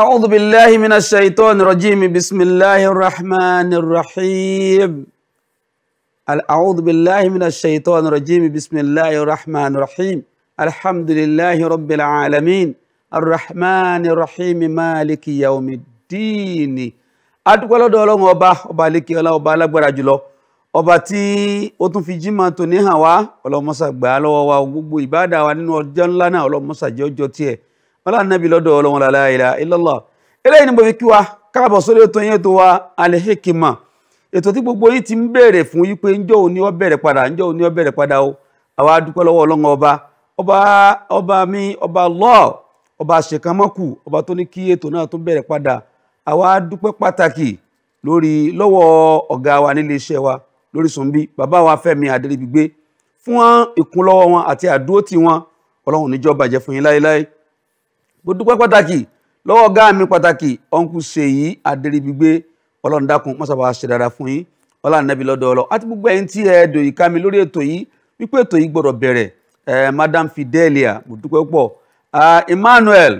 أعوذ بالله من الشيطان الرجيم بسم الله الرحمن الرحيم أعوذ بالله من الشيطان الرجيم بسم الله الرحمن الرحيم الحمد لله رب العالمين الرحمن الرحيم مالك يوم الدين أتقول lọ́dọ̀ ọlọ́run أبا ọba àlékè ọlá ọba alágbára jùlọ ọba tí ó tún fi jímọ̀ tòní hàn wá ọlọ́mọ́sà gbà á lọ́wọ́ wa gbogbo ìbáàdà wa ọlá nàbí lọ́dọ̀ ọlọ́run la ilaha illallah eléyìí ni mo fi kí wa káàbọ̀ sórí ètò yẹn tó wa Al-Hikima ètò tí gbogbo yín ti ń béèrè fún yí pé ńjọ́ òní ó bẹ̀rẹ̀ padà ńjọ́ òní ó bẹ̀rẹ̀ padà o àwa dúpẹ́ lọ́wọ́ ọba ọba mi ọba Allah ọba ṣèkámọ́kù ọba tó ní kí ètò náà tó bẹ̀rẹ̀ padà àwa dúpẹ́ pàtàkì lórí lọ́wọ́ wa nílé iṣẹ́ wa wa Fẹ́mi Adéríbigbé fún ìkúnlọ́wọ́ wọn àti àdúrótì wọn ọlọ́run níjọba jẹ́ fún yín láéláé mo dúpẹ́ pàtàkì lọ́wọ́ ọ̀gá mi pàtàkì ọ̀nkù ṣèyí adéríbigbé ọlọ́run dákun mọ́sàbà ṣe dáadáa fún yín ọlá nàbí lọ́dọ̀ ọlọ́ àti gbogbo ẹ̀yin tí ẹ dòyìn ká mi lórí ètò yìí wípé ètò yìí gbọ́dọ̀ bẹ̀rẹ̀ madam fidelia mo dúpẹ́ pọ̀ emmanuel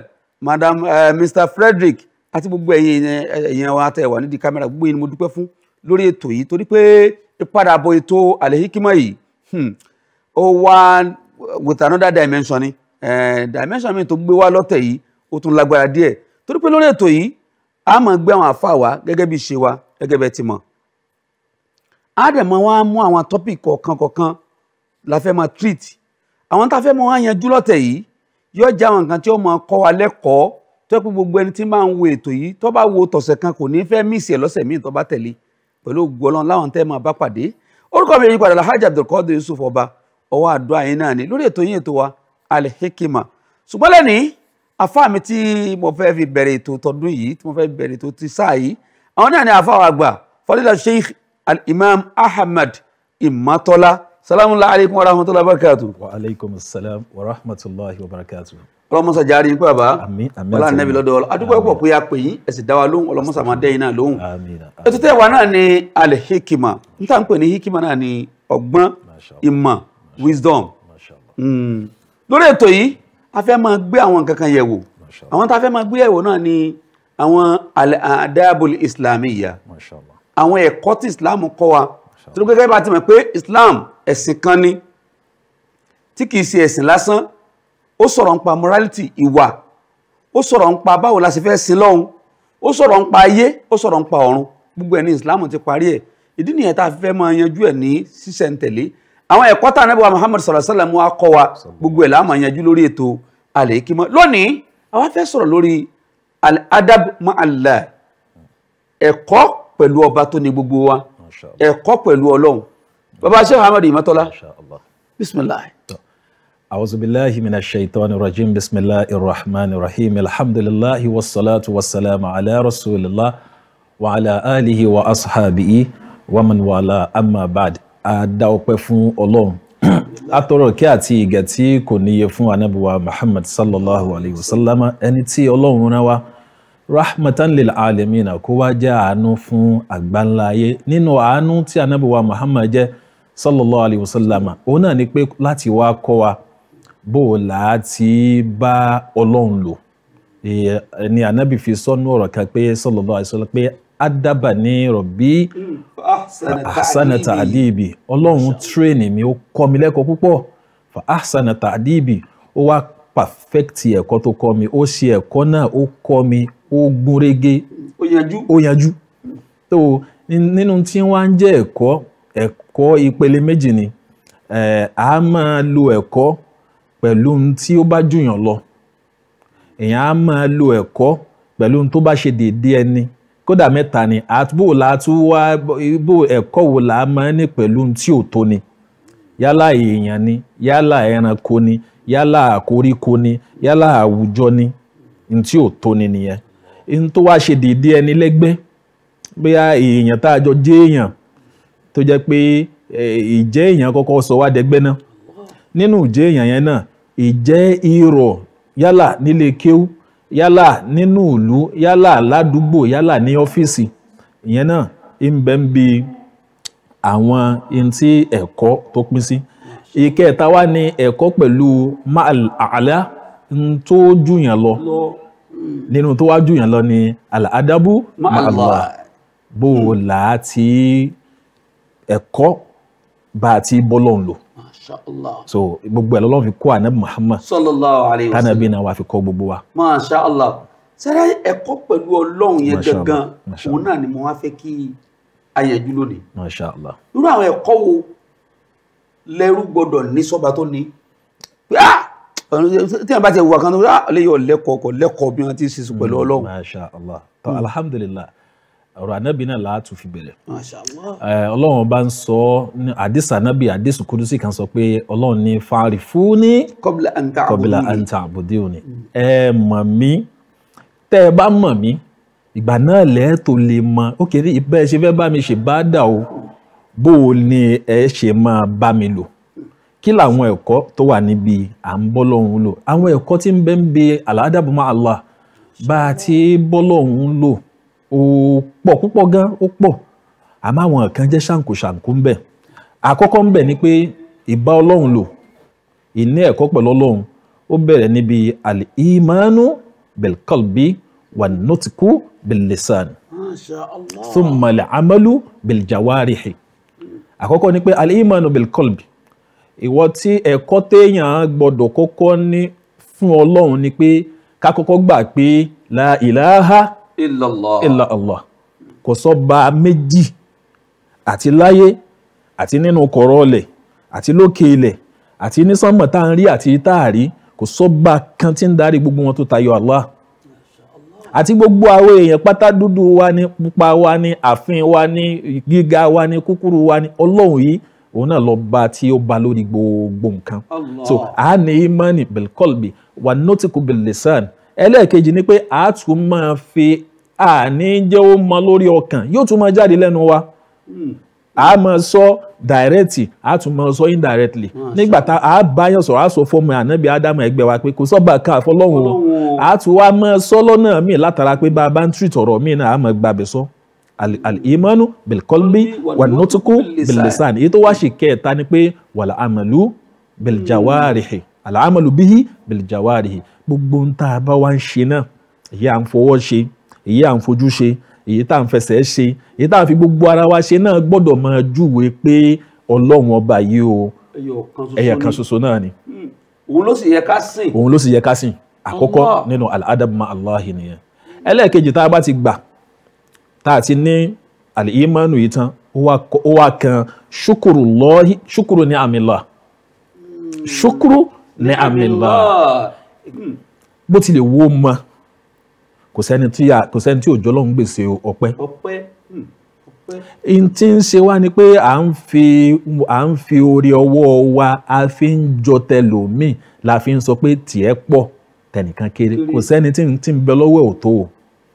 madam mr frederick ati gbogbo ẹ̀yin ẹ̀yin wa tẹ̀ wà nídìí kámẹ́rà gbogbo yìí ni mo dúpẹ́ fún lórí ètò yìí torí pé ìpadàbọ̀ ètò àlẹ́hìkímọ̀ yìí hmm, ó wá with another dimension ni Eh, dimension mi tó gbé wá lọ́tẹ̀ yìí ó tún lágbára díẹ̀ torí pé lórí ètò yìí a máa gbé àwọn àfa wa gẹ́gẹ́ bí ṣe wa gẹ́gẹ́ bẹ́ẹ̀ ti mọ̀ a dẹ̀ mọ́ wọn á mú àwọn topic kọ̀ọ̀kan kọ̀ọ̀kan la fẹ́ máa treat àwọn tá a fẹ́ mọ́ wọn á yanjú lọ́tẹ̀ yìí yóò jẹ́ àwọn nǹkan tí ó máa kọ́ wa lẹ́kọ̀ọ́ tó pé gbogbo ẹni tí máa ń wo ètò yìí tó bá wo tọ̀sẹ̀ kan kò ní fẹ́ mísì ẹ̀ lọ́sẹ̀ míì tó bá tẹ̀lé pẹ̀lú ògùn ọlọ́run láwọn tẹ́ máa bá pàdé orúkọ mi yìí padà Alhaji Abdulkadir Yusuf Ọba ọwọ́ àdúrà yín náà ni lórí ètò yín ètò wa alihikima ṣùgbọ́n lẹ́ni àfáà mi tí mo fẹ́ fi bẹ̀rẹ̀ ètò tọdún yìí tí mo fẹ́ bẹ̀rẹ̀ ètò ti sáà yìí àwọn náà ni àfáà wa àgbà fọlílà sheikh al-imam ahmed imatola salamu alaykum wa rahmatulahi wa barakatu. wa alaykum salam wa rahmatulahi wa barakatu. ọlọmọsà jaari yín pé bàbá wàlá nàbí lọ́dọ̀ adúgbò ẹ̀pọ̀ pé a pè yín ẹ sì lóhùn ọlọmọsà máa dẹ́ náà lóhùn. ètò tẹ́ wa náà ni alihikima n ta n pè ní hikima náà ni ọgbọ́n ìmọ̀ wisdom. Hmm lórí ètò yìí a fẹ́ máa gbé àwọn nǹkan kan yẹ̀wò àwọn tá a gbé yẹ̀wò náà ni àwọn al-adabul islamiyya àwọn ẹ̀kọ́ tí islam kọ́ wa tó ló gẹ́gẹ́ bá ti mọ̀ pé islam ẹ̀sìn kan ni tí kìí ṣe ẹ̀sìn lásán ó sọ̀rọ̀ ń pa morality ìwà ó sọ̀rọ̀ ń pa báwo la ṣe fẹ́ sin lọ́hun ó sọ̀rọ̀ ń pa ayé ó sọ̀rọ̀ ń pa ọ̀run gbogbo ẹ̀ ní islam ti parí ẹ̀ ìdí nìyẹn tá a fẹ́ máa yanjú ẹ̀ ní sísẹ̀ntẹ̀lé àwọn ẹ̀kọ́ tá ànábì wa Muhammad sallallahu alaihi wasallam akọ wa gbogbo ẹ̀ láàmà yanjú lórí ètò àlèkímọ́ lónìí àwa fẹ́ sọ̀rọ̀ lórí adab ma'allah ẹ̀kọ́ pẹ̀lú ọba tó ní gbogbo wa ẹ̀kọ́ pẹ̀lú ọlọ́run bàbá Sheikh Ahmad Ìmọ́tọ́lá bismillah من الشيطان الرجيم بسم الله الرحمن الرحيم الحمد لله والصلاة والسلام على رسول الله وعلى آله وأصحابه ومن والاه أما بعد àdá ọpẹ́ fún Ọlọ́run atọrọ kí àti ìgẹ̀ tí kò níye fún anábìwá Muhammad sallallahu alayhi wa sallam ẹni tí Ọlọ́run rán wá rahmatan lil alamina kó wá jẹ́ àánú fún àgbáńlá ayé nínú àánú tí anábìwá Muhammad jẹ́ sallallahu alayhi wa sallam òun náà ni pé láti wá kọ́ wa bó o là bá Ọlọ́run lò ni anábì fi sọ́nú ọ̀rọ̀ kan pé sallallahu alayhi wa sallam pé adaba ní rọ̀bí mm. ahsana ta'dibi ọlọ́run tírèènì mi ó kọ́ mi lẹ́kọ̀ọ́ púpọ̀ fa ahsana ta'dibi ó wá pàfẹ́kìtì ẹ̀kọ́ tó kọ́ mi ó ṣe ẹ̀kọ́ náà ó kọ́ mi ó gún régé ó yanjú tó nínú tí wọ́n á ń jẹ́ ẹ̀kọ́ ẹ̀kọ́ ìpele méjì ni a máa lo ẹ̀kọ́ pẹ̀lú ohun tí ó bá jùyàn lọ èèyàn á máa lo ẹ̀kọ́ pẹ̀lú tó bá ṣe déédéé ẹni kódà mẹ́ta ni àtúbò la tún wá bó ẹ̀kọ́ wo la máa ní pẹ̀lú tí ò tó ni yálà èèyàn ni yálà ẹranko ni yálà àkóríko ni yálà àwùjọ ni n tí ò tó ni nìyẹn n tó wá ṣe déédé ẹni lẹ́gbẹ́ bóyá èèyàn tá a jọ jẹ́ èèyàn tó jẹ́ pé ìjẹ́ èèyàn kọ́kọ́ sọ wá dẹgbẹ́ náà nínú ìjẹ́ èèyàn yẹn náà ìjẹ́ irọ́ yálà nílé kéwú yálà nínú ìlú yálà ládùúgbò yálà ní ọ́fíìsì ìyẹn náà ń bẹ ń bi àwọn ohun tí ẹ̀kọ́ tó pín sí ìkẹta wá ní ẹ̀kọ́ pẹ̀lú àlá tó jùyàn lọ nínú tó wá jùyàn lọ ni àdábù màlúwà bó o là á ti ẹ̀kọ́ bá a ti bọ́ lọ́n lò so gbogbo ẹ̀ lọ́lọ́run fi kó ànábì Muhammad sallallahu alayhi wa sallam tánàbí náà wà fi kọ́ gbogbo wa. masha allah sẹ́rẹ́ ẹ̀kọ́ pẹ̀lú ọlọ́run yẹn gangan òun náà ni mo wá fẹ́ kí ayẹ̀jú lónìí. masha allah. irú àwọn ẹ̀kọ́ wo lẹ́rú gbọ́dọ̀ ní sọ́ba tó ní pé ah tí wọn bá ti wà kan tó ah lè yọ lẹ́kọ̀ọ́ kọ̀ lẹ́kọ̀ọ́ bí wọn ti ṣe sùn pẹ̀lú masha allah alhamdulillah ọ̀rọ̀ anábì náà láà tún fi bẹ̀rẹ̀. Eh, ọlọ́run bá ń sọ àdìs anábì àdìs kudusi kan sọ pé ọlọ́run ní fáàrí fún ní kọbílà àǹtà àbòdì òní. ẹ mọ̀ mí tẹ́ ẹ bá mọ̀ mí ìgbà náà lẹ́ẹ̀tọ́ lè mọ ó kéré ìbẹ́ ẹ ṣe fẹ́ bá mi ṣe bá dà o bó o ní ẹ ṣe máa bá mi lò kí làwọn ẹ̀kọ́ tó wà níbi à ń bọ́ lọ́hùn lò àwọn ẹ̀kọ́ tí ń bẹ ń bẹ àlàádàbọ̀mọ́ Allah bá a ti bọ́ lọ́hùn lò. ó pọ̀ púpọ̀ gan ó pọ̀ àmọ́ àwọn kan jẹ́ ṣàǹkó ṣàǹkó ń bẹ àkọ́kọ́ ń bẹ ni pé ìbá ọlọ́run lò ìní ẹ̀kọ́ pẹ̀lú ọlọ́run ó bẹ̀rẹ̀ níbi al-imanu bil-qalbi wan-nutqu bil-lisan thumma amalu bil-jawarihi àkọ́kọ́ ni pé al-imanu bil-qalbi ìwọ tí ẹ̀kọ́ téèyàn gbọ́dọ̀ kọ́kọ́ ní fún ọlọ́run ni pé ká kọ́kọ́ gbà pé la ilaha illa Allah kò sọ́ba méjì àti láyé àti nínú kọ̀rọ̀ ọlẹ̀ àti lókè ilẹ̀ àti ní sánmọ̀ tá à ń rí àti tá à rí kò sọ́ba kan tí ń darí gbogbo wọn tó tayọ Allah àti gbogbo àwọn èèyàn pátá dúdú wa ni pupa wa ni àfin wa ni gíga wa ni kúkúrú wa ni ọlọ́run yìí òun náà lọ bá tí ó ba lórí gbogbo nǹkan so a ní imani bilkolbi wa notiku bilisan ẹlẹ́ẹ̀kejì ni pé a tún máa fi àní jẹ́ ó mọ lórí ọkàn yóò tún máa jáde lẹ́nu wa hmm. a máa sọ direct a tún máa sọ indirectly ah, nígbà tá a bá yàn sọ̀rọ̀ a sọ fọ́ọ̀mù ànábì ádámù ẹgbẹ́ wa pé kò sọ́ba ká fọlọ́hún o a tún wá máa sọ lọ́nà míì látara pé bá a bá ń tìrìtì ọ̀rọ̀ míì náà a máa gbàgbé sọ al'imanu bilkolbi wàlútukú bilisan èyí tó wá ṣe kẹta ni pé wàlá biljawarihi. Hmm àlàámọ̀lù bíhí bìlìjàwárì gbogbo ń tá a bá wá ń ṣe náà èyí à ń fọwọ́ ṣe èyí à ń fojú ṣe èyí tá à ń fẹsẹ̀ ṣe èyí tá à ń fi gbogbo ara wa ṣe náà gbọ́dọ̀ máa júwe pé ọlọ́run ọba yìí o ẹyọ kan ṣoṣo náà ni. Hmm. òun ló sì yẹ ká sìn. òun ló sì yẹ ká sìn àkọ́kọ́ nínú aládàbọ̀mọ́ aláhi nìyẹn ẹlẹ́ẹ̀kejì tá a bá ti gbà tá a ti ní àlìyémánu yìí tán ó wá kan ṣukuru lọ́ọ́hí ṣukuru ní ní amílá bó tilẹ̀ wó ma kò sẹ́ni tí kò sẹ́ni tí òjò lọ́hún gbèsè ọpẹ́ hmm, n tí ń ṣe wá ni pé à ń fi à ń fi orí ọwọ́ wa a fi ń jọ tẹlòmíì la fi ń sọ pé tiẹ̀ pọ̀ tẹnìkan kéré kò sẹ́ni tí ń bẹ lọ́wọ́ ẹ̀ ò tó o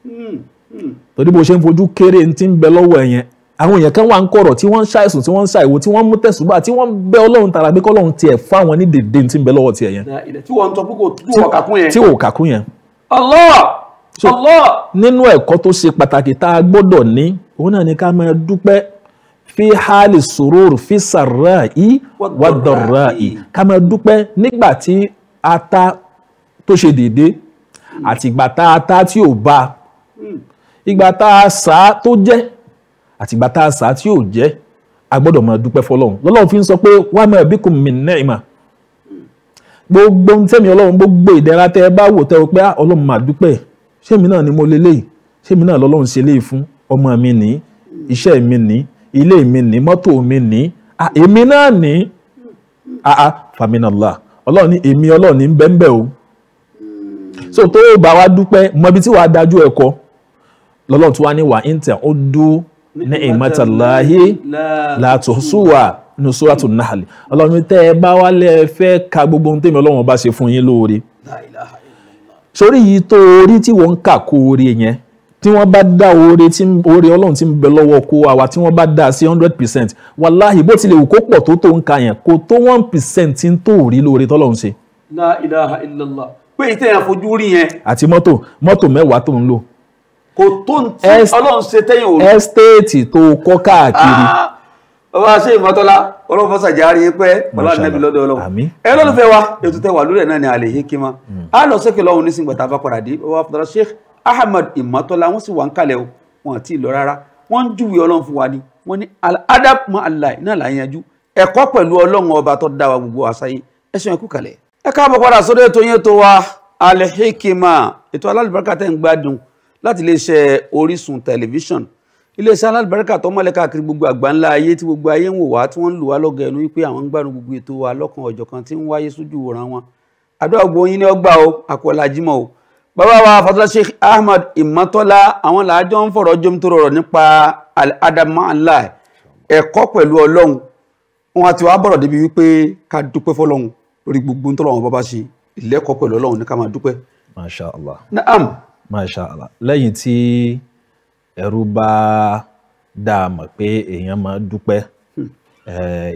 hmm, hmm. torí bó ṣe ń fojú kéré ń ń bẹ lọ́wọ́ ẹ̀ yẹn àwọn èèyàn kan wà ń kọ̀rọ̀ tí wọ́n ń ṣàìsùn tí wọ́n ń ṣàìwò tí wọ́n ń mú tẹ̀sùbà tí wọ́n ń bẹ ọlọ́run tààrà bí kọ́lọ́run tiẹ̀ fáwọn ní dèdè tí ń bẹ lọ́wọ́ tiẹ̀ yẹn. tí wọ́n ń tọ́ púpọ̀ tí wọ́n kàkún yẹn. tí wọ́n kàkún yẹn. Allah Allah. nínú ẹ̀kọ́ tó ṣe pàtàkì tá a gbọ́dọ̀ ní òun náà ni ká máa dúpẹ́ fi hali surur fi sarra'i wa darra'i ká máa dúpẹ́ nígbà tí ata tó ṣe dèdè àtìgbà tá ata tí ò ba hmm. ìgbà tá a sá tó jẹ́ àtìgbà tá a sà á tí yóò jẹ́ a gbọ́dọ̀ máa dúpẹ́ fọlọ́run lọ́lọ́run fi ń sọ pé wà á máa bí kò mí nẹ́ẹ̀mà gbogbo ń tẹ́mi ọlọ́run gbogbo ìdẹ̀ra tẹ́ ẹ bá wò tẹ́ o pé ah, ọlọ́run máa dúpẹ́ ṣémi náà ni mo lè léyìí ṣémi náà lọ́lọ́run ṣe léyìí fún ọmọ mi ní iṣẹ́ mi ní ilé mi ní mọ́tò mi ní èmi náà ní àá fàmínàlá ọlọ́run ní èmi ọlọ́run ní bẹ́ńbẹ́ o so tó o bá wa dúpẹ́ mọ ibi tí wàá dájú ni'matallahi la tuhsuha ní suratul nahl ọlọ́run tẹ́ ẹ bá wálẹ̀ fẹ́ ka gbogbo ohun tẹ́mi ọlọ́run bá ṣe fún yín lóore sórí yìí tó orí tí wọ́n ń kà kó oore yẹn tí wọ́n bá dá oore tí oore ọlọ́run ti ń bẹ lọ́wọ́ kó àwa tí wọ́n bá dá sí hundred percent wàláhì bó tilẹ̀ wù kó pọ̀ tó tó ń ka yẹn kó tó one percent ń tó rí lóore tọ́lọ́run ṣe. la ilaha illallah pé ìtẹ̀yàn fojú rí yẹn. àti mọ́tò mọ́tò mẹ́wàá tó ń lò kò tó ti ọlọ́run ṣe tẹ́yìn òru. ẹ́stéètì tó kọ́ káàkiri. ọba ah, ṣe ìmọ̀tọ́lá ọlọ́run fọ́sà járe pẹ́ ọlá nẹ́bí lọ́dọ̀ ọlọ́run. ẹ lọ́dún fẹ́ wa mm. ètò tẹ́wà lórí ẹ̀ náà ni àlẹ́ yìí kí ma. Mm. a lọ sókè lọ́hùn ní sìngbà tá bá padà dé ọba fúnra Sheikh Ahmad Ìmọ̀tọ́lá wọ́n sì wà ń kalẹ̀ o wọn àti ìlọ rárá wọ́n ń júwe ọlọ́run fún wa ni wọ́n ní adab ma Allah náà là ń yanjú ẹ̀kọ́ pẹ̀lú ọlọ́run ọba tó dá wa gbogbo àṣàyè ẹ̀sùn ẹ̀kú kalẹ̀. ẹ káàbọ̀ padà sórí ètò yẹn tó wa Al Hikmat ètò alálùbáríkà tẹ́ ń gbádùn láti iléeṣẹ́ Orísun tẹlifíṣàn iléeṣẹ́ alábẹ́rẹ́kà tó mọ́lẹ̀ káàkiri gbogbo àgbáńlá ayé tí gbogbo ayé ń wò wá tí wọ́n ń lù wá lọ́gọ̀ ẹnu wípé àwọn ń gbádùn gbogbo ètò wa lọ́kàn ọ̀jọ̀ kan tí ń wáyé sójú wòran wọn àdúrà gbogbo yín ní ọgbà o àkọọ́lá jimọ̀ o bàbá wa fatọ́lá Sheikh Ahmad Ìmọ́tọ́lá àwọn làájọ́ ń fọ̀rọ̀ jómitoro ọ̀rọ̀ nípa al-adamala ẹ̀kọ́ pẹ̀lú Ọlọ́run wọn àti wàá bọ̀rọ̀ débi wípé ká dúpẹ́ fọlọ́run lórí gbogbo ń tọ́lọ́run bàbá ṣe ìlẹ́kọ̀ọ́ pẹ̀lú Ọlọ́run ní ká máa dúpẹ́. Masha Allah. Naam masha allah lẹ́yìn tí ẹ̀rù bá dá a mọ̀ pé èèyàn máa dúpẹ́ hmm.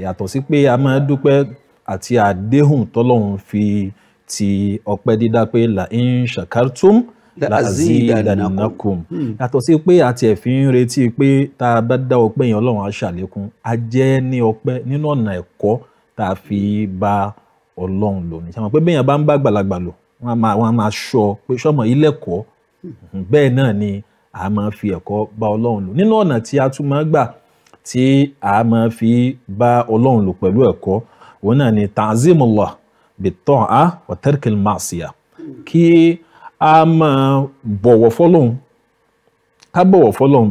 yàtọ̀ sí pé a máa dúpẹ́ àti àdéhùn tọ́lọ́hún fi ti ọpẹ́ dídá pé la in shakartum la azidanakum hmm. yàtọ̀ sí pé àti ẹ̀fín ń retí pé tá a bá dá ọpẹ́ yẹn ọlọ́run á ṣàlékún a jẹ́ ní ọpẹ́ nínú ọ̀nà ẹ̀kọ́ tá a fi bá ọlọ́run lò ní sàmọ́ pé bẹ́ẹ̀ yẹn bá ń bá àgbàlagbà lò wọ́n á máa ṣọ́ pé sọ́mọ ilé ẹ̀kọ́ bẹ́ẹ̀ náà ni a máa fi ẹ̀kọ́ bá ọlọ́run lò nínú ọ̀nà tí a tún máa gbà tí a máa fi bá ọlọ́run lò pẹ̀lú ẹ̀kọ́ òun náà ni ta'zimullah bit-ta'a wa kí a máa bọ̀wọ̀ fọlọ́run ká bọ̀wọ̀ fọlọ́run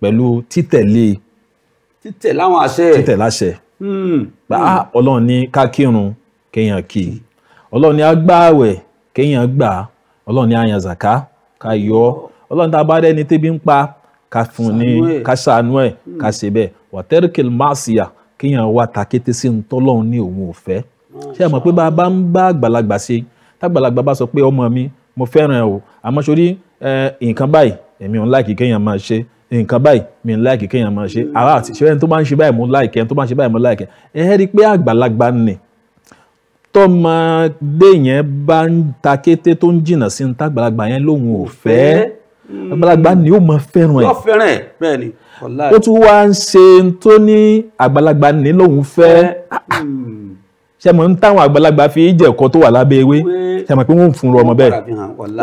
pẹ̀lú títẹ̀ láwọn àṣẹ títẹ̀ láṣẹ hmm. ah, ọlọ́run ní ká kírun kéèyàn ọlọ́run ní àyàn zaka ká yọ ọ́ ọlọ́run tá a bá rẹ́ni tẹ́bi ń pa ká fún ní ká ṣàánú ẹ̀ ká hmm. ṣe bẹ́ẹ̀ wàtẹ́rìkìl máṣíà kíyàn wá takété sí ń tọ́lọ́run ní òun ò fẹ́ ṣé ẹ mọ̀ pé bá a bá ń bá àgbàlagbà ṣe tágbàlagbà bá sọ pé ọmọ mi mo fẹ́ràn ẹ o àmọ́ sórí nǹkan báyìí èmi ò ń láìkì kéèyàn máa ṣe nǹkan báyìí mi ń láìkì kéèyàn máa ṣe àwa àti ṣẹ́yìn tó bá ń ṣe báyìí mo láìkì ẹni tó bá ń ṣe báyìí mo láìkì ẹ rí i pé àgbàlagbà nì tọ́mọdé yẹn bá ń ta kété tó ń jìnnà sí ní tàgbàlagbà yẹn lòun ò fẹ́ hmm. àgbàlagbà ni ó máa fẹ́ràn ẹ̀. yóò fẹ́ràn ẹ̀ bẹ́ẹ̀ ni. ó tún wá ń ṣe tó ní àgbàlagbà ní lòun fẹ́ hmm. ṣe mọ̀ ń táwọn àgbàlagbà fi jẹ̀kọ́ tó wà lábẹ́ ewé ṣe mọ̀ pé wọ́n ń fún ọmọ bẹ́ẹ̀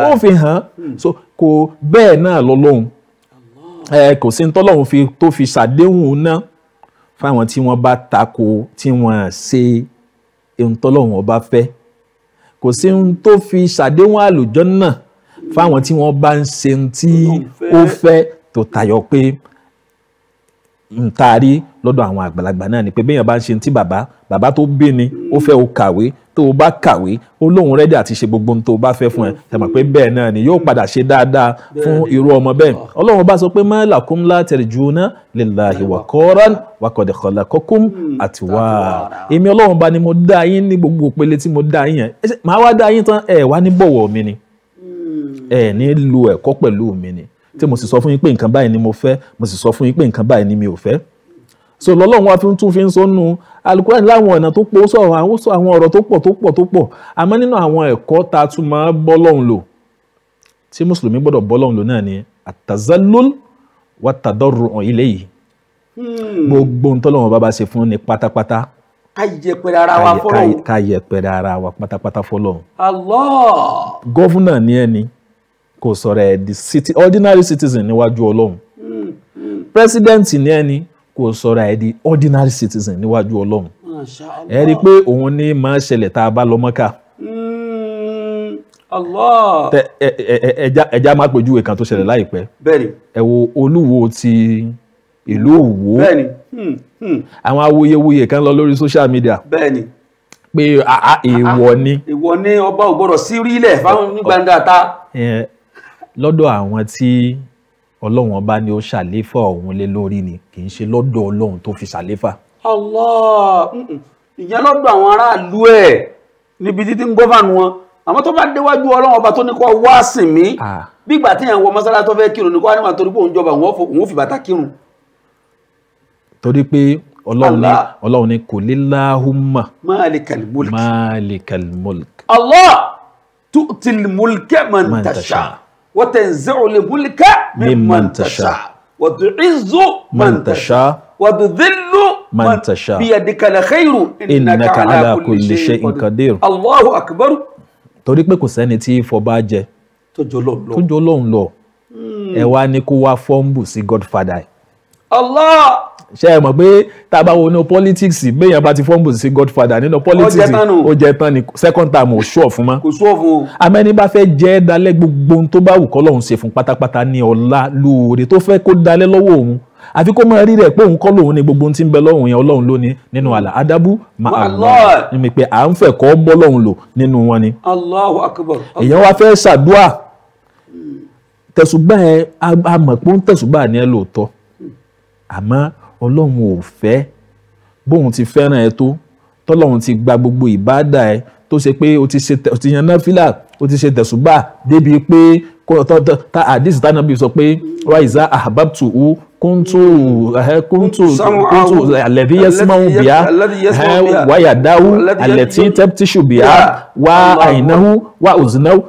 wọ́n fi hàn hmm. so kò bẹ́ẹ̀ náà lọ lóhun kò sí ní tọ́lọ́hun tó fi ṣàdéhùn náà fáwọn tí wọ́n bá tako tí wọ́n ṣe ohun tọ́lọ́run ọba fẹ́ kò sí ohun tó fi ṣàdéhùn àlùjọ náà fáwọn tí wọ́n bá ń ṣe ohun tí ó fẹ́ tó tayọ pé ntaari lọ́dọ̀ àwọn àgbàlagbà náà ni pé béèyàn bá ń ṣe ti bàbá bàbá tó bí ni ó fẹ́ o kàwé tó o bá kàwé ó lóun rẹ́dí àti ṣe gbogbo ohun tó o bá fẹ́ fún ẹ ẹ mọ̀ pé bẹ́ẹ̀ náà ni yóò padà ṣe dáadáa fún irú ọmọ bẹ́ẹ̀ ọlọ́run bá sọ pé ma lakum la tarjuna lillahi waqaran wa qad khalaqakum atwara èmi ọlọ́run bá ni mo dá yín ní gbogbo òpele tí mo dá yín yẹn màá wá dá yín tán ẹ wá ní bọ̀wọ̀ mi ni hmm. ẹ ní lu ẹ̀kọ́ pẹ̀lú mi ni tí mo sì sọ fún yín pé nǹkan báyìí ni mo fẹ́ mo sì sọ fún yín pé nǹkan báyìí ni mi ò fẹ́ so lọ́lọ́run wa tún fi ń sọnù alukurani láwọn ọ̀nà tó pọ̀ ó sọ̀rọ̀ àwọn sọ àwọn ọ̀rọ̀ tó pọ̀ tó pọ̀ tó pọ̀ àmọ́ nínú àwọn ẹ̀kọ́ tá tún máa bọ́ lọ́hùn lò tí mùsùlùmí gbọ́dọ̀ bọ́ lọ́hùn lò náà ni àtàzálólù wà tàdọ́rù hàn ilé yìí gbogbo ohun tọ́lọ́wọ́n bá bá ṣe fún ni pátápátá ká yẹpẹrẹ ara wa fọlọ́hùn ká yẹpẹrẹ ara wa pátápátá fọlọ́hùn. Allah. gọ́fúnà ni ẹni kò sọ̀rọ̀ ẹ̀ di city, ordinary citizen níwájú ọlọ́run president ní ẹni kò sọ̀rọ̀ ẹ̀ ordinary citizen níwájú ọlọ́run ẹ rí i pé òun ní máa ṣẹlẹ̀ tá a bá lọ mọ́kà ẹja máa pèjúwe kan tó ṣẹlẹ̀ láìpẹ́ ẹ wo olúwo ti ìlú Òwò hmm, hmm. àwọn awuyewuye kan lọ lórí social media pé ah, ah, ah, èèwọ̀ ni. èèwọ̀ ni ọba ò gbọ́dọ̀ sí rí ilẹ̀ fáwọn gbàǹdà ta lọ́dọ̀ àwọn tí ọlọ́run ọba ni ó ṣàléfà òun lé lórí ni kì í ṣe lọ́dọ̀ ọlọ́run tó fi ṣàléfà. Allah ìyẹn lọ́dọ̀ àwọn aráàlú ẹ̀ níbi títí ń gọ́fànù wọn àmọ́ tó bá déwájú ọlọ́run ọba tó ní kó wá sìn mí bí ìgbà tí ìyàwó mọ́sálásí tó fẹ́ kírun ní kó wá níwọ̀n torí pé òun jọba òun fi bàtà kírun. torí pé ọlọ́run ní kò lè láhùmà. máàlìkàl múlk. máàlìkàl múlk. Allah tu'til múlkẹ́ وتنزع الملك ممن تشاء وتعز من تشاء وتذل من تشاء بيدك الخير إنك على كل شيء قدير الله أكبر torí pé kò sẹ́ni tí fọba jẹ tó jọ lóhùn lọ ẹ wá ní kó wá fọ́ǹbù sí godfather Allah ṣe é mọ̀ pé tá a bá wo inú politics béèyàn bá ti fọ́nbù sí godfather nínú politics ó jẹ tán ni second time ò ṣọ́ fún mọ́. kò ṣọ́ fún o. amẹ́ni bá fẹ́ jẹ́ dalẹ́ gbogbo ohun tó bá wù kọ́ lọ́hún ṣe fún pátápátá ní ọ̀la lóore tó fẹ́ kó dalẹ́ lọ́wọ́ òun àfi kó máa rí rẹ̀ pé òun kọ́ lòun ni gbogbo ohun tí ń bẹ lọ́hùn yẹn ọlọ́run ló ní nínú àlà adábú máa lọ ni pé à ń fẹ́ kọ́ bọ́ lọ́hùn lò nínú wọn ni. Allahu akbar. èèyàn wá fẹ́ ṣàdúà hmm. tẹ̀sùbà ẹ̀ a mọ̀ pé ó ń tẹ̀sùbà ní ẹ lóòótọ́ àmọ́ ọlọ́run ò fẹ́ bóun ti fẹ́ràn ẹ tó tọ́lọ́run ti gba gbogbo ìbáàdà ẹ tó ṣe pé o ti ṣe o ti yan náfìlà o ti ṣe tẹ̀sùbà débi pé ta àdìsí tánàbí sọ pé wáyìíza àhàbàtù u kúntù kúntù kúntù àlẹ́dí yẹ́símọ́hún bíá wáyàdáwú àlẹ́tí tẹ́ptíṣù bíá wá àyìnáwú wá òzìnáwú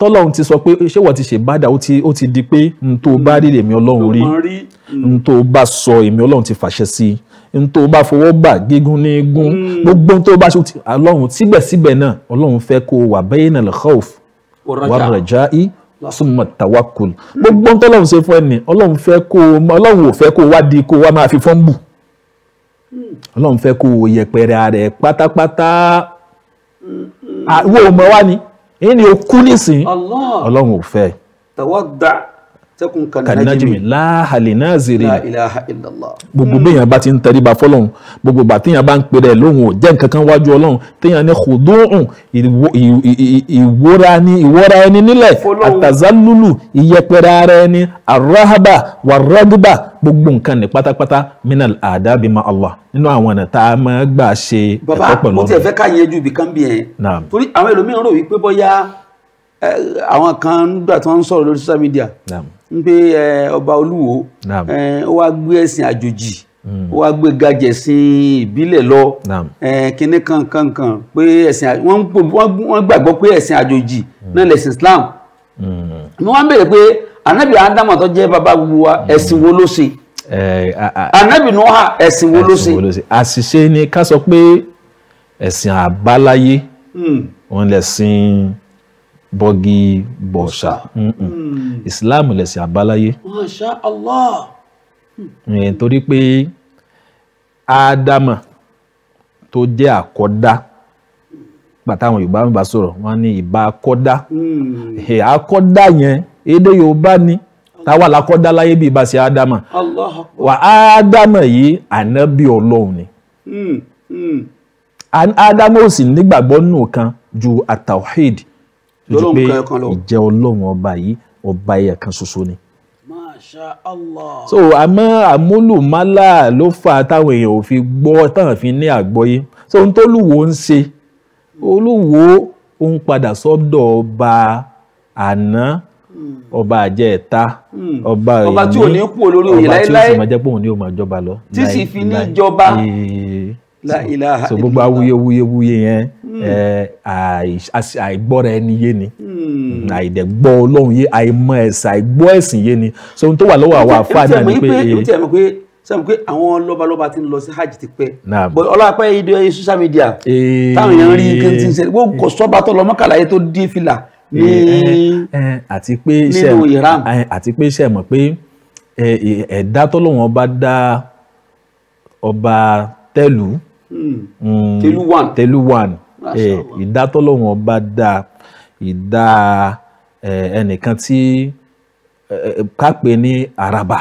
tọ́lọ́run ti sọ pé ṣé wọ́n ti ṣe bádà ó ti di pé n tó bá rí èmi ọlọ́run rí n tó bá sọ èmi ọlọ́run ti fàṣẹ sí i n tó bá fọwọ́ gbà gígùn ní igun hmm. gbogbo tó bá ṣe ọlọ́run síbẹ̀síbẹ̀ náà ọlọ́run fẹ́ kó wà bayna al-khawf war-raja'i summa tawakkul gbogbo tó ọlọ́run ṣe fún ẹni ọlọ́run fẹ́ kó ọlọ́run ò fẹ́ kó wá di kó wá máa fi fọ́nbù hmm. ọlọ́run fẹ́ kó yẹpẹrẹ rẹ̀ pátápátá hmm. ah, wo mọ̀ wá ni èyí o kú nísìnyí ọlọ́run ò fẹ́. tawadda sẹ́kùn kanajimi láhàlì náà zèrè la ilaha illallah. gbogbo béèyàn bá ti ń tẹríba fọlọ́hún gbogbo bá téèyàn bá ń pè rẹ̀ lóhùn ò jẹ́ nǹkan kan wájú ọlọ́hun téèyàn ní kòdóhùn ìwọ́ra ẹni nílẹ̀ àtàzálùlù ìyẹpẹrẹ ara ẹni àràhàbà wàràdùbà gbogbo nǹkan ní pátápátá minal adabi ma Allah nínú àwọn ọ̀nà tá a máa gbà ṣe ẹ̀kọ́ pẹ̀lú ọ̀nà ń pé ọba olúwo ó wá gbé ẹ̀sìn àjòjì hmm. ó wá gbé gajẹ̀ sí ìbílẹ̀ lọ kínní kankankan pé ẹ̀sìn wọ́n gbàgbọ́ pé ẹ̀sìn àjòjì hmm. náà lẹ̀sìn Islam ni wọ́n béèrè pé anabi adama tó jẹ́ bàbá gbogbo wa hmm. ẹ̀sìn wo ló ṣe anabi noha ẹ̀sìn wo ló ṣe. àṣìṣe ni ká sọ pé ẹ̀sìn àbáláyé wọn lẹ̀sìn bọ́gí bọ̀ṣà mm. islam lẹ̀sìn àbáláyé. Masha Allah. Hmm. Eh, torí pé ádámà tó jẹ́ àkọ́dá pàtàwọn yorùbá ń bá sọ̀rọ̀ wọ́n ní ìbá akọ́dá akọ́dá mm. eh, yẹn èdè yorùbá ni táwa lakọ́dá láyé bí ìbá sí ádámà wà ádámà yìí ànábì ọlọ́run ni mm, ádámà ò sì nígbàgbọ́ nù kan ju àtàwíìdì ju pé ìjẹ́ ọlọ́run ọba yìí ọba ẹ̀yà kan ṣoṣo ni. Masha Allah. so àmọ́ àmúlùmálà ló fà táwọn èèyàn ò fi gbọ́ táwọn fi ní àgbọ́yé so ohun tó lùwò ń ṣe olùwò ó ń padà sọ́dọ̀ ọba àná hmm. ọba àjẹta hmm. ọba ìní ọba tí ò ní kú olórí òye láéláé ọba tí ò sì máa jẹ́ pé òun ni ó máa jọba lọ. tí sì fi ní jọba láìláha so gbogbo awuyewuyewuye yẹn hmm. àìgbọ́ra ẹni yé ni hmm. àìdẹ̀gbọ́ ọlọ́run yé àìmọ̀ ẹ̀sìn àìgbọ́ ẹ̀sìn yé ni so ohun tó wà lọ́wọ́ àwọn àfáà náà ni pé sọ́mu pé àwọn lọ́balọ́ba ti ń lọ sí hajj ti pẹ́ but ọlọ́pàá ìdí ọyẹ social media táwọn èèyàn rí kí n ti ń ṣe wọ́n kò sọ́ba tó lọ mọ́kànláyé tó dé fìlà ní nínú Iran. àti pé iṣẹ́ mọ̀ pé ẹ̀dá tọ́lọ́wọ́n bá dá ọba tẹ́lù. Hmm. telu one telu one eh, ìdá tọ́lọ́run ọba dá ìdá eh, ẹnìkan tí eh, kápẹ́ ní araba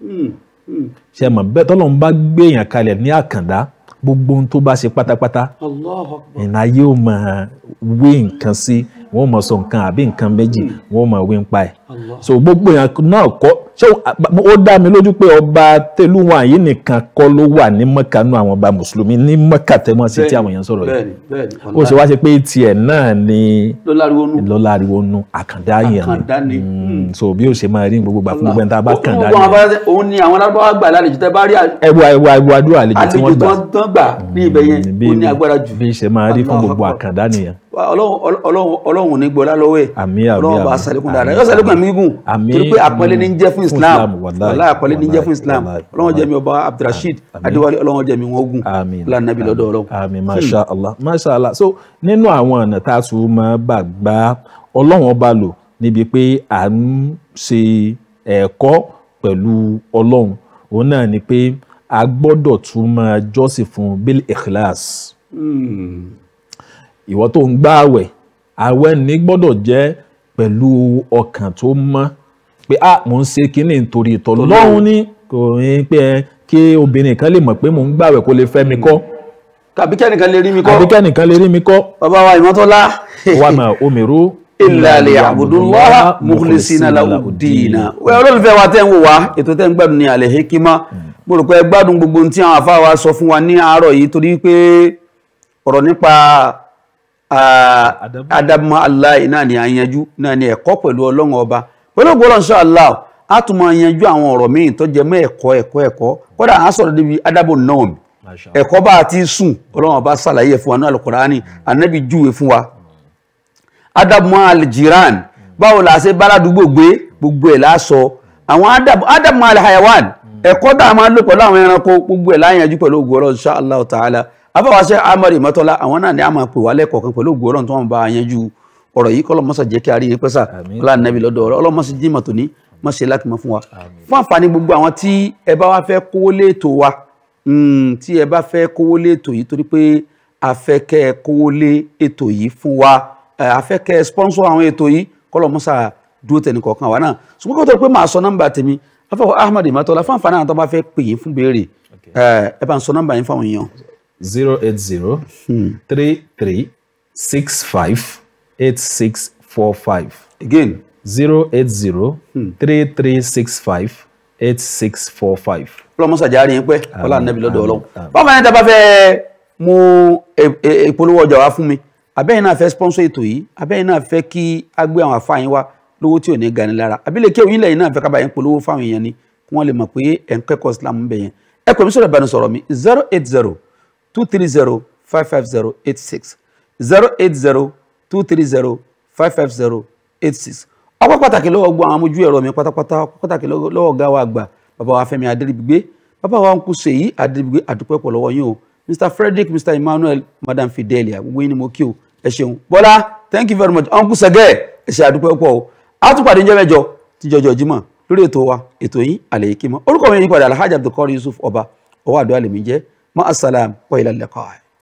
hmm, hmm. ṣe mọ̀ bẹ́ẹ̀ tọ́lọ́run bá gbéyàn kalẹ̀ ní àkàndá gbogbo ohun tó bá ṣe pátápátá ìnà ayé ò mọ̀ wé nǹkan sí wọ́n mọ̀ sọ nǹkan àbí nǹkan méjì wọ́n mọ̀ wé ń pa ẹ̀ so gbogbo yẹn náà kọ́ ṣé ó dá mi lójú pé ọba tẹlúwọn yìí nìkan kọ́ ló wà ní mọ́kà nú àwọn ọba mùsùlùmí ní mọ́kà tẹ́mọ́ sí tí àwọn èèyàn sọ̀rọ̀ yìí ó ṣe wá ṣe pé tiẹ̀ náà ni lọ́láriwo nú àkàndá yẹn ni hmm, so bí ó ṣe máa rí gbogbo gbà fún gbogbo ẹni tá a bá kàndá yẹn. òun ni àwọn alábọ́wá gbà lálejò tẹ bá rí ẹwà ẹwà ẹwà àdúrà àlejò tí wọ́n gbà ní ibẹ̀ yẹn hmm, ó ní agbára jù. bí ṣe máa rí fún gbogbo àkàndá nìyẹn ọlọ́run ní gbọ́lá lọ́wọ́ ẹ̀ ọlọ́run bá sàlékún dáadáa yóò sàlékún ẹ̀mí gùn torí pé àpọ́nlé ní jẹ́ fún islam wàláhì àpọ́nlé ní fún islam ọlọ́run jẹ́ mi ọba abdulrasheed adéwálé ọlọ́run jẹ́ mi wọ́n La lànàbí lọ́dọ̀ ọlọ́run. àmín hmm. masha allah masha allah so nínú àwọn ọ̀nà tá a sùn máa gbàgbá ọlọ́run ọba lò níbi pé à ń ṣe ẹ̀kọ́ pẹ̀lú ọlọ́run òun náà ni pé a gbọ́dọ̀ tún máa jọ́sìn fún bil ikhlas hmm. ìwọ tó ń gbààwẹ̀ àwẹ̀ ní gbọ́dọ̀ jẹ́ pẹ̀lú ọkàn tó mọ́ pé ah mò ń ṣe kínní nítorí ìtọ́ lọ́hún ní kò ní pé kí obìnrin kan lè mọ̀ pé mò ń gbàwẹ̀ kó lè fẹ́ mi kọ́ àbí kẹ́nìkan lè rí mi kọ́ àbí kẹ́nìkan lè rí mi kọ́ bàbá wa ìmọ́tọ́lá wà mà omiru illa liya'budullaha mukhlisina lahu dina we olólùfẹ́ wa tẹ́ ń wò wá ètò tẹ́ ń gbádùn ní Al Hikmat hmm. mo rò pé gbádùn gbogbo tí àwọn àfáà wa sọ fún wa ní àárọ̀ yìí torí pé ọ̀rọ̀ nípa adab ma Allah náà ni àyànjú náà ni ẹ̀kọ́ pẹ̀lú Ọlọ́run ọba olóògbòrán ṣáàláà a tún máa yanjú àwọn ọ̀rọ̀ míì tó jẹ mọ́ ẹ̀kọ́ ẹ̀kọ́ ẹ̀kọ́ kódà a sọ̀rọ̀ débi adábò náà mi ẹ̀kọ́ bá a ti sùn ọlọ́run bá ṣàlàyé ẹ̀ fún wa náà Al-Qur'ani ànábì júwe fún wa adabu al báwo la ṣe báládùúgbò gbé gbogbo ẹ̀ láṣọ àwọn adabu adabu ẹ̀kọ́ tá a máa lò pẹ̀lú àwọn ẹranko gbogbo ẹ̀ láyanjú pẹ̀lú ògbòrán ṣáàláà tààlà afọwọ́ṣẹ́ amọ̀rì mọ́tọ́lá àwọn náà ni a máa pè wá lẹ́kọ̀ọ́ kan pẹ̀lú ògbòrán tó wọn bá yanjú ọ̀rọ̀ yìí kọ́lọ́ mọ́sà jẹ́ kí a rí i pẹ́sà láàrin nàbí lọ́dọ̀ ọ̀rọ̀ ọlọ́mọ sí jìmọ̀ tòní mọ́ ṣe láti mọ́ fún wa fún àǹfààní gbogbo àwọn tí ẹ bá wá fẹ́ kówó léètò wa mm, tí ẹ bá fẹ́ kówó léètò yìí torí pé a fẹ́ kẹ́ ẹ kówó lé yìí fún wa a fẹ́ kẹ́ ẹ sponsor àwọn ètò yìí kọ́lọ́ mọ́sà dúró tẹni kọ̀ọ̀kan wa náà ṣùgbọ́n kó tó pé màá sọ nọ́mbà tèmi afọwọ́ Ahmad Imatola fún àǹfààní àwọn tó bá zero eight zero hmm. three three six five eight six four five. again. zero eight zero three three six five eight six four five. ọlọmọ sàjà rí yín pé ọlá nàbí lọ́dọ̀ Ọlọ́run báwo ni dábàá fẹ́ mú e, e, e, ìpolówó ọjà wá fún mi abẹ́yìn náà fe sponsor ètò yìí abẹ́yìn náà fẹ́ kí a gbé àwọn àfáà yín wá lówó tí ò ní gani lára abilé kí òyìnlẹ̀ yìí náà fẹ́ kábàáyín polówó fáwọn èèyàn ni kí wọ́n lè mọ̀ pé ẹ̀ ń kẹ́kọ̀ọ́ Islam ń bẹ̀ yẹn ẹ pè mí sọ̀rọ̀ mi zero eight zero two three zero five five zero eight six zero eight zero two three zero five five zero eight six ọpẹ́ pàtàkì lọ́wọ́ gbọ́ àwọn amójú ẹ̀rọ mi pátápátá ọpẹ́ pàtàkì lọ́wọ́ ọ̀gá wa àgbà bàbá wa Fẹ́mi Adébígbé bàbá wa nkú Ṣèyí Adébígbé àdúpẹ́ pọ̀ lọ́wọ́ yín o Mr Frederick Mr Emmanuel Madam Fidelia gbogbo yín ni mo kí o ẹ ṣeun Bọ́lá thank you very much uncle sege ẹ ṣe àdúpẹ́ pọ̀ o a tún pàdé níjọ́ mẹ́jọ tíjọ́jọ́ Jímọ̀ lórí ètò wa ètò yín àlẹ́ yìí kí mọ́ orúkọ mi yín padà Alhaji Abdulkadir Yusuf Ọba ọwọ́ àdúrà lèmi jẹ́ mọ́ asalaam wa ilal liqa.